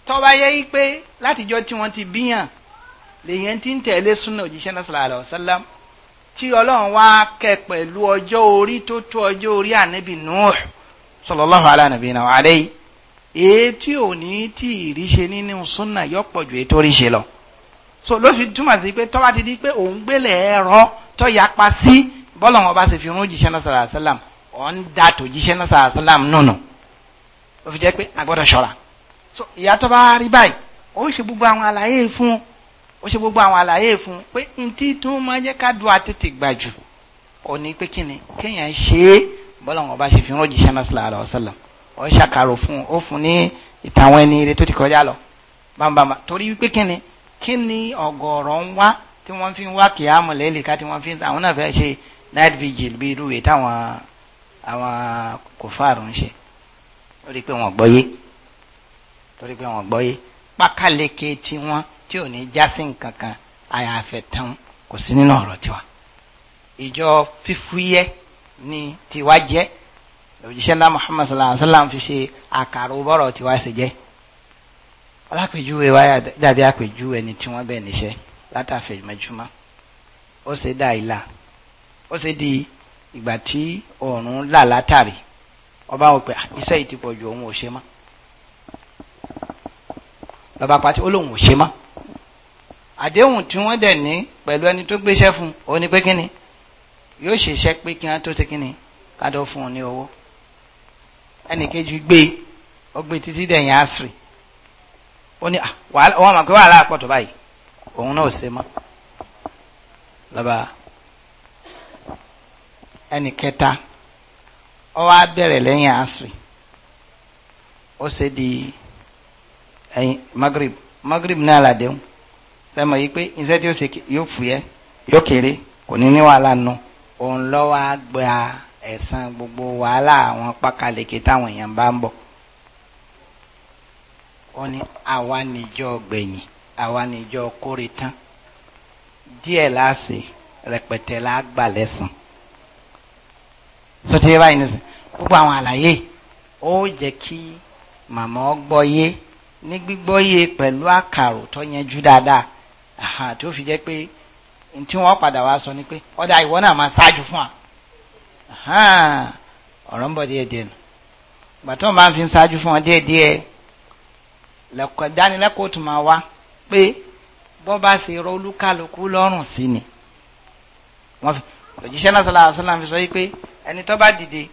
tọba yẹ yí pé látijọ́ tí wọ́n ti bíyàn lèyẹn ti ń tẹ̀lé sunna òjíṣẹ́ náà sallallahu alaihi wasallam tí Ọlọ́run wá kẹ́ pẹ̀lú ọjọ́ orí tó tó ọjọ́ orí ànábì Nuh sallallahu ala nabina wa alayhi èyí tí ò ní tí ì rí ṣe nínú sunna yọpọ ju èyí lọ so ló fi túmọ̀ sí pé tọ́ba ti di pé òun gbélé ẹ̀rọ tó yapa sí. Si, bọ́lọ̀ wọn bá ṣe fi irun jíṣẹ́ náà sàrà sálàm ọ̀n da tó jíṣẹ́ náà sàrà sálàm nùnù ó fi jẹ́ pé a ṣọ́ra so ìyàtọ̀ bá rí báyìí ó ṣe gbogbo àwọn àlàyé fún ó ṣe gbogbo àwọn àlàyé fún pé ntí tó máa jẹ́ ká dùn àtètè gbà jù ó ní pé kíni kéèyàn ṣe é bọ́lọ̀ wọn bá ṣe fi irun jíṣẹ́ náà sàrà sálàm ó ṣàkàrò fún ó fún ní ìtàwọn ẹni ire tó ti kọjá lọ bàbàbà torí wípé kíni kíni ọ̀gọ̀ọ̀rọ̀ ń wá tí wọ́n fi ń wá kìámù lẹ́lẹ́ka tí wọ́n fi ń ta àwọn náà fẹ́ ṣe night vigil bíi irú èyí táwọn àwọn kòfààrù ń ṣe torí pé wọ́n gbọ́ yé torí pé wọ́n gbọ́ yé pákáleke tí wọ́n tí ò ní jásí nǹkan kan àyàfẹ́ tán kò sí nínú ọ̀rọ̀ tiwa ìjọ fífúyẹ́ ni tiwa jẹ́ òjíṣẹ́ ńlá muhammad sallallahu alayhi wa sallam fi ṣe àkàrò bọ́rọ̀ tiwa ṣe jẹ́ alápèjúwe wa dàbí àpèjúwe ni tí wọ́n bẹ̀ níṣẹ́ látàfẹ́ mẹ́júmọ́ ó ṣe dá ìlà ó ṣe di ìgbà tí oòrùn là látàrí ọba wò pé ah, iṣẹ́ yìí ti pọ̀ ju òun ò ṣe mọ́ bàbá pàtí ó lóun ò ṣe mọ́ àdéhùn tí wọ́n dẹ̀ ní pẹ̀lú ẹni tó gbéṣẹ́ fún un ó ní pé kíni yóò ṣiṣẹ́ pé kí wọ́n tó ṣe kíni ká tó fún un ní owó ẹnì kejì gbé ó gbé títí dẹ̀yìn àṣírí ó ní ah, wọ́n mọ̀ pé wàhálà pọ̀ tó báyìí òun náà ò ṣe mọ́ lọ́ba ẹnì kẹta ó wá bẹ̀rẹ̀ lẹ́yìn ó ṣe di ẹ̀yìn magrib magrib náà làdéhùn sẹ́mọ̀ yìí pé iṣẹ́ tí ó ṣe yóò fúyẹ́ yóò kéré kò ní ní wàhálà nù òun lọ́wọ́ á gba ẹ̀san gbogbo wàhálà àwọn pákàlẹ́kẹ́ táwọn èèyàn bá ń bọ̀ ó ní àwa níjọ́ gbẹ̀yìn àwa níjọ́ kórè tán díẹ̀ láàṣẹ rẹpẹtẹ la gbà tó ti yé báyìí nìsín gbogbo àwọn àlàyé ó jẹ́ kí màmá gbọ́ yé ní gbígbọ́ yé pẹ̀lú àkàrò tó yanjú dáadáa tó fi jẹ́ pé tí wọ́n padà wá sọ ni pé ọ̀dà ìwọ náà máa ṣáájú fún wa ọ̀rọ̀ ń bọ̀ díẹ̀ díẹ̀ nù bàtọ́ máa fi ṣáájú fún ọ díẹ̀ díẹ̀ lẹ́kọ̀ọ́ ìdánilẹ́kọ̀ọ́ tó máa wá pé bọ́ bá ṣe rọ olúkálukú lọ́rùn sí ni òjíṣẹ́ náà sallallahu alaihi wasallam fi sọ yìí pé ẹni tó bá dìde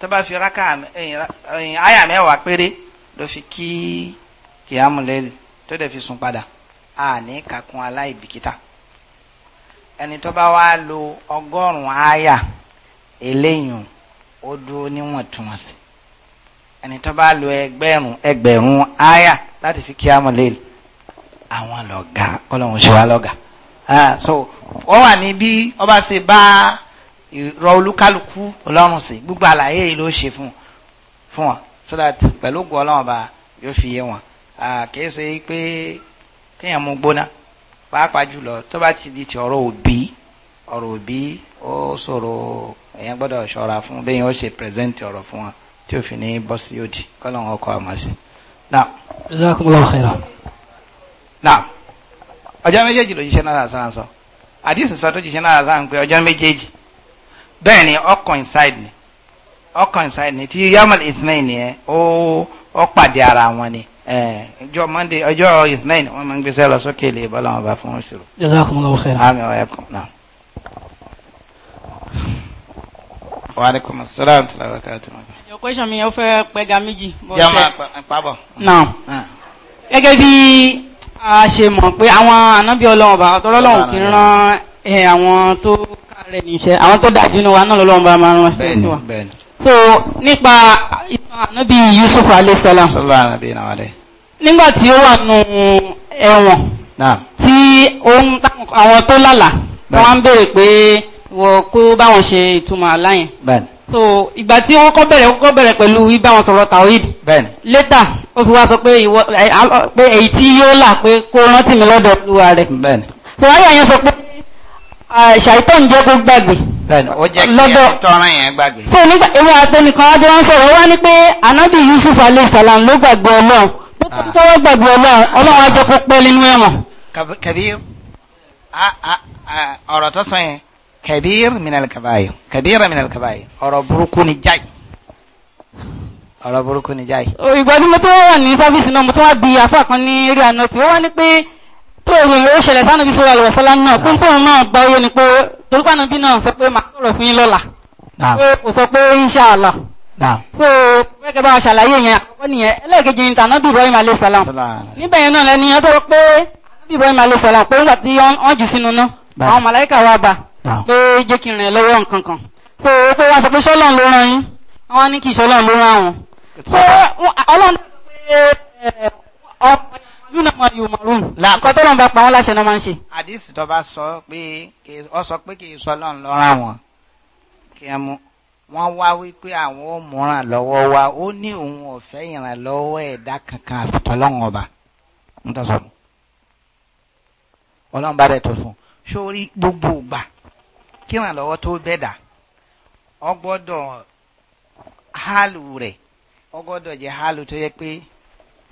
tó bá fi raka àyà mẹ́wàá péré ló fi kí kìámù lẹ́lì tó dẹ̀ fi sùn padà àní kakun aláìbìkítà ẹni tó bá wá lo ọgọ́rùn-ún àyà eléyìn ó dúró níwọ̀ntúnwọ̀nsì ẹni tó bá lo ẹgbẹ̀rún ẹgbẹ̀rún àyà láti fi kìámù lẹ́lì àwọn lọ́gà kọ́lọ́hún ṣe wá lọ́gà ah, so ó wà ní bí ọba ṣe bá ìrọ olúkálukú ọlọ́run sí gbogbo àlàyé yìí ló ṣe fún fún wọn so that pẹ̀lú ògùn ọlọ́run ọba yóò fi yé wọn kìí ṣe pé kéèyàn mú gbóná pàápàá jùlọ tó bá ti di ti ọ̀rọ̀ òbí ọ̀rọ̀ òbí ó ṣòro èèyàn gbọ́dọ̀ ṣọ́ra fún bẹ́ẹ̀ yóò ṣe pẹ̀sẹ̀ntì ọ̀rọ̀ fún wọn tí ò fi ní bọ́ sí òdì kọ́lọ́run ọkọ̀ àmọ́ sí. ọjọ́ méjèèjì ló jíṣẹ́ náà sọ àdìsí sọ tó jíṣẹ́ náà sọ́nà pé ọjọ́ méjèèjì bẹ́ẹ̀ ni ọ coincide ni ọ coincide ni ti yamal ithnain ni ẹ ó ó pàdé ara wọn ni ọjọ́ monday ọjọ́ ithnain wọ́n máa ń gbéṣẹ́ lọ sókè lè bọ́lá wọn bá fún ìṣirò. jazakumullahu khairan. ami wa yakum na. wa aleykum salaam wa rahmatulahi wa barakatuh. your question mi yẹn fẹ́ pẹ́ga méjì. jama pabọ. na gẹ́gẹ́ bí a ṣe mọ̀ pé àwọn ànábì ọlọ́run bá tọ́lọ́lọ́run kì í rán àwọn rẹ̀ níṣẹ́ àwọn tó dájú ní wa náà lọ́wọ́ bá máa rán ṣe sí wa so nípa ìtàn ànábì Yusuf alayhisalam nígbà tí ó wà nù ẹ̀wọ̀n tí àwọn tó lálà wọ́n ń béèrè pé wọ́n kó báwọn ṣe ìtumọ̀ aláyìn so ìgbà tí wọ́n kọ́ bẹ̀rẹ̀ kọ́ bẹ̀rẹ̀ pẹ̀lú wíbá sọ̀rọ̀ tawhid later ó fi wá sọ pé ìwọ pé èyí tí yóò là pé kó rántí mi lọ́dọ̀ olúwa rẹ̀ so ayé àyẹn sọ pé Ah, ṣàìtọ́n jẹ́ kó gbàgbé lọ́dọ̀ so nígbà ewé atẹnìkan adé wọn sọ̀rọ̀ wá ní pé anábì Yusuf alayhi salam ló gbàgbé Ọlọ́run pípẹ́ tó wọ́n gbàgbé Ọlọ́run Ọlọ́run á jẹ́ kó pẹ́ nínú ẹ̀wọ̀n. kabir ọ̀rọ̀ tó sọ yẹn kabir minal kabayi kabir minal kabayi ọ̀rọ̀ burúkú ni jáì ọ̀rọ̀ burúkú ni jáì. ìgbà tí mo tó wà ní sáfíìsì náà mo tó wá bi àfà kan ní eré àná tí ó wá ní pé tó ìròyìn ó ṣẹlẹ̀ sánú bí sọ́ra lọ́wọ́ sọ́lá náà kún tóun náà gba owó ni pé torípàánú bí náà sọ pé màá sọ̀rọ̀ fún yín lọ́la pé kò sọ pé insha Allah so gẹ́gẹ́ bá ṣàlàyé yẹn àkọ́kọ́ nìyẹn ẹlẹ́ẹ̀kejì ní tànàbí Ibrahim alayhi salam níbẹ̀ yẹn náà lẹ́ni yẹn tó rọ pé tànàbí Ibrahim alayhi salam pé nígbà tí wọ́n jù sínú ná àwọn màláìkà wa bà pé jẹ́ kí n rìn lọ́wọ́ nǹkan kan so pé wọ́n sọ pé yúnà máa yù màrún. là kọ́ tó lọ́n bá pa wọ́n láṣẹ náà máa ń ṣe. àdìsí tó bá sọ pé ọ sọ pé kì í sọ lọ́n lọ́ra wọn kí ẹ mú wọ́n wá wípé àwọn ò múràn lọ́wọ́ wa ó ní òun ọ̀fẹ́ ìrànlọ́wọ́ ẹ̀dá kankan àfitọ́lọ́wọ́n ọba ń tọ́ sọ̀rọ̀ ọlọ́run bá dẹ̀ tó fún sórí gbogbo ìgbà kí ìrànlọ́wọ́ tó bẹ́ẹ̀ ọgbọ́dọ̀ hálù rẹ̀ ọgbọ́dọ̀ jẹ́ hálù tó yẹ pé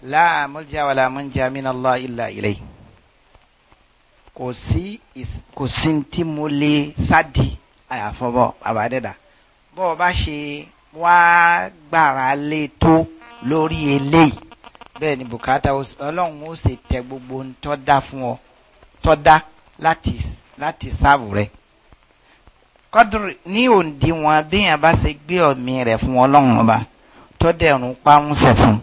la mulja wala munja min Allah illa ilayhi kò sí kò sí tí mo lè sádi àyàfọ́bọ̀ àbádẹ́dà bó o bá ṣe wá gbàrà lé tó lórí eléyìí bẹ́ẹ̀ ni bùkátà ọlọ́run ó sì tẹ gbogbo ohun tó dá fún ọ tó dá láti láti sáàbù rẹ kọ́dùrì ní òǹdíwọ̀n bí yẹn bá ṣe gbé ọ̀mí rẹ̀ fún ọlọ́run ọba tó dẹ̀rùn pámúṣẹ̀ fún un.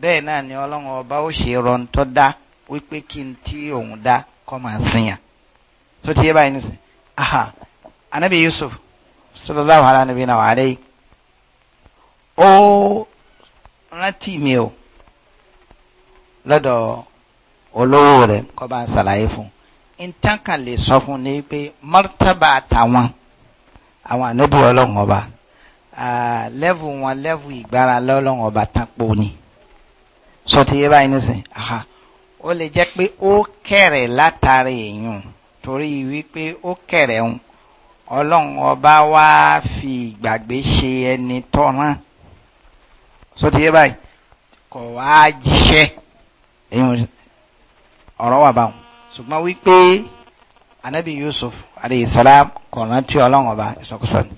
bẹ́ẹ̀ náà ni ọlọ́run ọba ó ṣe rọ̀ǹtọ́ dá wípé kí n tí òun dá kọ́ máa sìn tó ti yé báyìí nísìn aha anabi yusuf ala nabina wa alayhi ó rántí mi o lọ́dọ̀ olówó rẹ̀ kọ́ bá ń ṣàlàyé fún un lè sọ fún un ní pé mọ́tàbà àtàwọn àwọn ọlọ́run ọba lẹ́vù wọn lẹ́vù ìgbára sọ ti yé báyìí nísìn aha ó lè jẹ́ pé ó kéré látara èèyàn torí wípé ó kéré ń ọlọ́run ọba wá fi ìgbàgbé ṣe ẹni tọ́rán sọ ti yé báyìí kò wá jíṣẹ́ èèyàn ọ̀rọ̀ wà báwọn ṣùgbọ́n wípé anabi Yusuf aleyhisalaam kò rántí ọlọ́run ọba ìsọkúsọ ni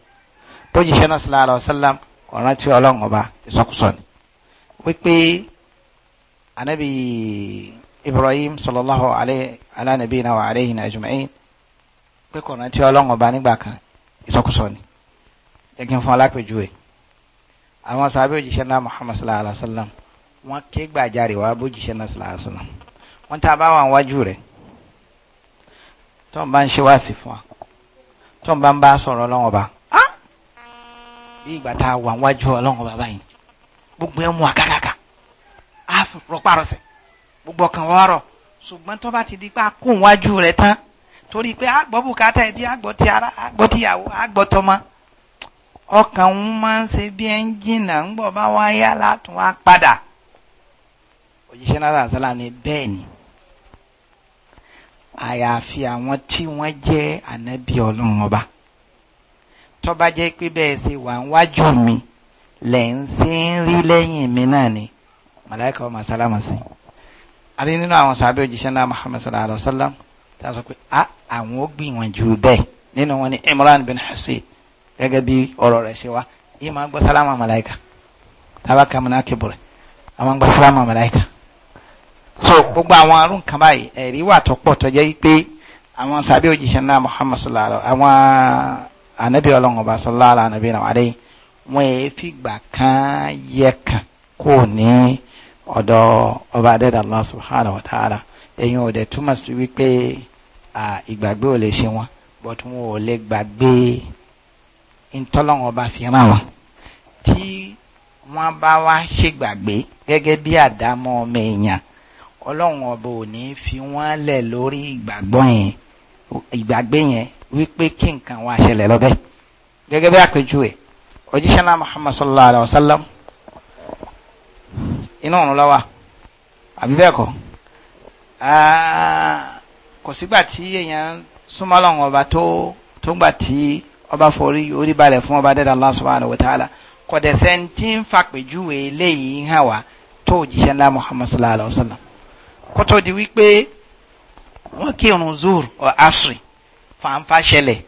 tó jíṣẹ́ náà sallallahu alaihi wasallam kò rántí ọlọ́run ọba ìsọkúsọ ni wípé anabi ibrahim sallallahu alayhi ala nabiyina wa alayhi na ajma'in pé kò rántí ọlọ́run ọba nígbà kan ìsọkúsọ ni jẹ́ kí n fún alápèjúwe àwọn sábẹ́ òjíṣẹ́ náà muhammad sallallahu alayhi wa sallam wọ́n ké gbàjarè wá bójíṣẹ́ náà sallallahu alayhi wa sallam wọ́n tá a bá wà wájú rẹ̀ tó ń bá ń ṣe wá sí fún wa tó ń bá ń bá sọ̀rọ̀ ọlọ́run ọba bí ìgbà tá a wà wájú ọlọ́run ọba báyìí gbogbo ẹ̀ mú wa rọpárọsẹ̀ gbogbo ọkàn wa rọ̀ ṣùgbọ́n tó bá ti di pé a kó wájú rẹ̀ tán torí pé àgbọ̀ bùkátà ẹbí àgbọ̀ ti ara àgbọ̀ ti yàwó àgbọ̀ tọmọ ọkàn ń máa ń ṣe bí ẹ́ńjìnà ń bọ̀ bá wá yá látún wá padà òjíṣẹ́ náírà sálà ni bẹ́ẹ̀ ni àyàfi àwọn tí wọ́n jẹ́ ànábì ọlọ́run ọba tó jẹ́ pé bẹ́ẹ̀ ṣe wà ń wájú mi lẹ́ rí lẹ́yìn mi náà ni màláìka ọmọ sálámà sí i àti nínú àwọn sàbẹ̀ òjíṣẹ́ náà muhammad sallallahu alayhi wa sallam tá a sọ pé a ah, àwọn ó gbìyànjú bẹ́ẹ̀ nínú wọn ni imran bin hussein gẹ́gẹ́ bí ọ̀rọ̀ rẹ̀ ṣe wá yìí máa gbọ́ sálámà màláìka tábà kà múná kébùrẹ̀ àwọn gbọ́ sálámà màláìka. so gbogbo àwọn arún kan báyìí ẹ̀rí wà tó pọ̀ tó jẹ́ pé àwọn sàbẹ̀ òjíṣẹ́ náà muhammad sallallahu alayhi wa sallam àwọn anabi ọlọ́run ọba sallallahu alayhi wa sallam wọn èéfì gbà kán yẹ kàn kò ní ọ̀dọ̀ ọba adẹ́dà Allah subhanahu wa ta'ala ẹ̀yin ò dẹ̀ túmọ̀ sí wípé ìgbàgbé ò lè ṣe wọn but wọn ò lè gbàgbé ntọ́lọ́wọ́n ọba fi ràn wọn tí wọ́n bá wá ṣègbàgbé gẹ́gẹ́ bí àdámọ́ ọmọ èèyàn ọlọ́run ọba ò ní fi wọ́n lẹ̀ lórí ìgbàgbọ́ yẹn ìgbàgbé yẹn wípé kí nǹkan wá ṣẹlẹ̀ lọ́bẹ̀ gẹ́gẹ́ bí àpèjúwe òjíṣẹ́ náà Muhammad sallallahu alayhi wa sallam iná ọ̀run lọ́wọ́ àbí bẹ́ẹ̀ kọ́ kò sígbà tí èèyàn súnmọ́ ọlọ́run ọba tó tó gbà tí ọba forí orí balẹ̀ fún ọba dẹ́dà Allah subhanahu wa ta'ala kò dẹ̀ sẹ́ni tí ń fàpèjúwe eléyìí hàn wá tó òjíṣẹ́ ńlá Muhammad sallallahu alayhi wa sallam kó tó di wípé wọ́n kírun zuhur or asri fàǹfà ṣẹlẹ̀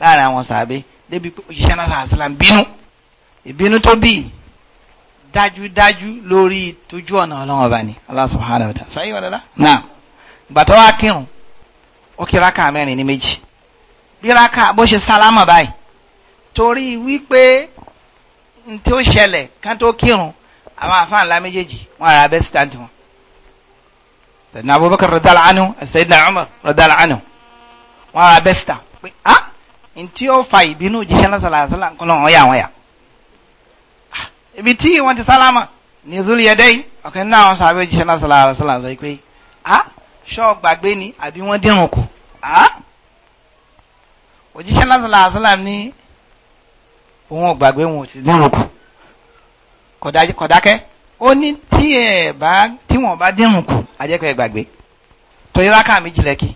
láàrin àwọn sàbẹ̀ débi pé òjíṣẹ́ náà sàlám bínú ìbínú tó bíi dájúdájú lórí tójú ọ̀nà ọlọ́run ọba ni Allah subhanahu wa ta'ala sọ yìí wà lọ́la. náà gbàtọ́ wa kírun ó kí raka mẹ́rin ní méjì bí raka bó ṣe sálámà báyìí torí wípé tí ó ṣẹlẹ̀ kán tó kírun àwọn àfa ńlá méjèèjì wọn àrà bẹ́ẹ̀ sítáǹtì wọn. sẹ̀dínà Abubakar radala anu sẹ̀dínà Umar radala anu wọn àrà bẹ́ẹ̀ sítáǹtì pé ah ntí ó fa ìbínú jíṣẹ́ lásàlàsàlà ńkọ́ tí wọ́n ti sálámà ní zulu yẹdẹ́ yìí ọ̀kan nínú àwọn sàbẹ̀ jíṣẹ́ náà sọ̀rọ̀ àwọn sọ̀rọ̀ sọ pé a ṣọ́ gbàgbé ni àbí wọ́n dírun kù a òjíṣẹ́ náà sọ̀rọ̀ àwọn sọ̀rọ̀ ní òun ò gbàgbé wọn ò ti dírun kù kọ̀dákẹ́ ó ní tí ẹ̀ bá tí wọ́n bá dírun kù àjẹkọ̀ ẹ̀ gbàgbé torí rákà méjì lẹ́kì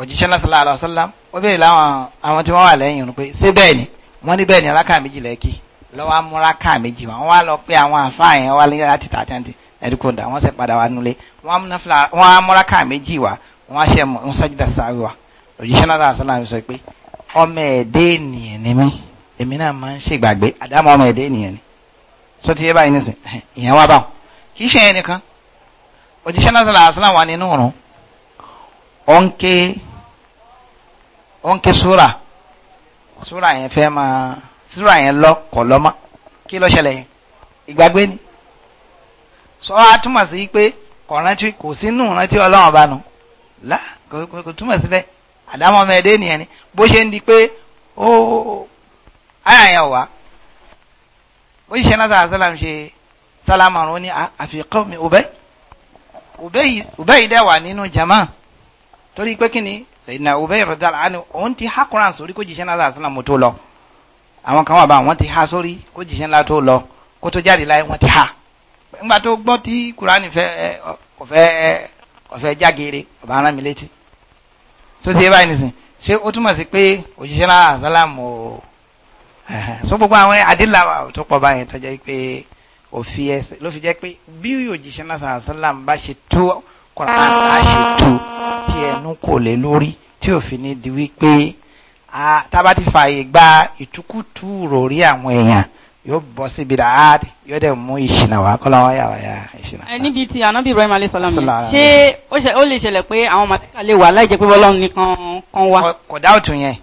òjíṣẹ́ náà sọ̀rọ̀ àwọn sọ̀rọ̀ ó béèrè láwọn àwọn tí wọ́n wà lẹ́yìn rún pé ṣé bẹ́ẹ̀ ni wọ́n ní bẹ́ẹ̀ ni rákà méjì lẹ́kì lọ́wọ́ amúraká méjì wọn wá lọ pé àwọn àfáà yẹn wá lé láti tà tẹ́ǹtì ẹ̀dínkòdà wọ́n sì padà wá nulẹ̀ wọ́n amúraká méjì wá wọ́n aṣẹ wọn sájúdà sáré wa òjíṣẹ́ náà sọ náà sọ pé ọmọ ẹ̀dẹ́ ènìyàn ni mí èmi náà máa ń ṣègbàgbé àdámọ́ ọmọ ẹ̀dẹ́ ènìyàn ni sọ ti yé báyìí nísìn ìyẹn wá báwọn kì í ṣe ẹnì kan òjíṣẹ́ náà sọ náà wà nínú ọ̀run ọ̀nkẹ́ ọ̀nkẹ́ tíra yẹn lọ kọ̀ lọ́mọ́ kí ló ṣẹlẹ̀ yẹn ìgbàgbé ni sọ wá túmọ̀ sí pé kò rántí kò sínú rántí ọlọ́run ọba nù lá kò túmọ̀ sí bẹ́ẹ̀ àdámọ́ ọmọ ẹ̀dẹ́ nìyẹn ni bó ṣe ń di pé ó àyà yẹn wà bó ṣe náà sàrà sálàm ṣe sálàm àrùn ní àfikún mi òbẹ́ òbẹ́ yìí dẹ̀ wà nínú jama torí pé kí ni Sayyidina Ubay radhiyallahu anhu òun ti hákùnrán sórí kó jíṣẹ́ náà sàrà sálàm tó lọ àwọn kan wà bá wọn ti ha sórí kó jìṣẹ́ ńlá tó lọ kó tó jáde láyé wọn ti ha ńgbà tó gbọ́ tí kùránì fẹ́ ẹ ọ̀fẹ́ ọ̀fẹ́ jágeere ọ̀bá ara mi létí tó ti yé báyìí nìsín ṣé ó túmọ̀ sí pé òjíṣẹ́ náà sálàmù o so gbogbo àwọn adéláwà tó pọ̀ báyìí tó jẹ́ pé òfin ẹsẹ̀ ló fi jẹ́ pé bí òjíṣẹ́ náà sálàmù bá ṣe tó kọ̀ọ̀kan á ṣe tó tí ẹnu kò lè lórí tí òfin ni di wípé tába ti fààyè gba ìtukùtù ròrí àwọn èèyàn yóò bọ́ síbi rà á yóò dẹ̀ mú ìṣìnà wá kọ́ lọ́wọ́ yàrá yà ìṣìnà. níbi tí anabi ibrahim alayhi salam yẹn ṣé ó lè ṣẹlẹ̀ pé àwọn màtẹ́kà lè wà láì jẹ́ pé bọ́lọ́run nìkan kan wá. kò dá òtún yẹn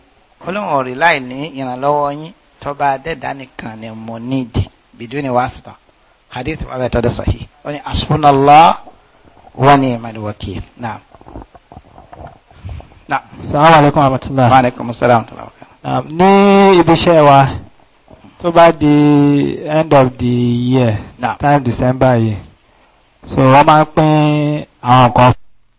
ọlọ́run ọ̀rẹ́ láì ní ìrànlọ́wọ́ yín tọ́ba adẹ́dá nìkan ni mo nídìí biduni wasita hadith wa bẹ tọ́ da sọ̀hí. ó ní asúnà lọ́ wọ́n ní ìmàlúwọ̀kì náà sàlámù alaykum wa rahmatulah. wa alaykum salaam wa rahmatulah. ibi iṣẹ́ wa tó bá di end of the year time December yìí so wọ́n máa ń pín àwọn kan.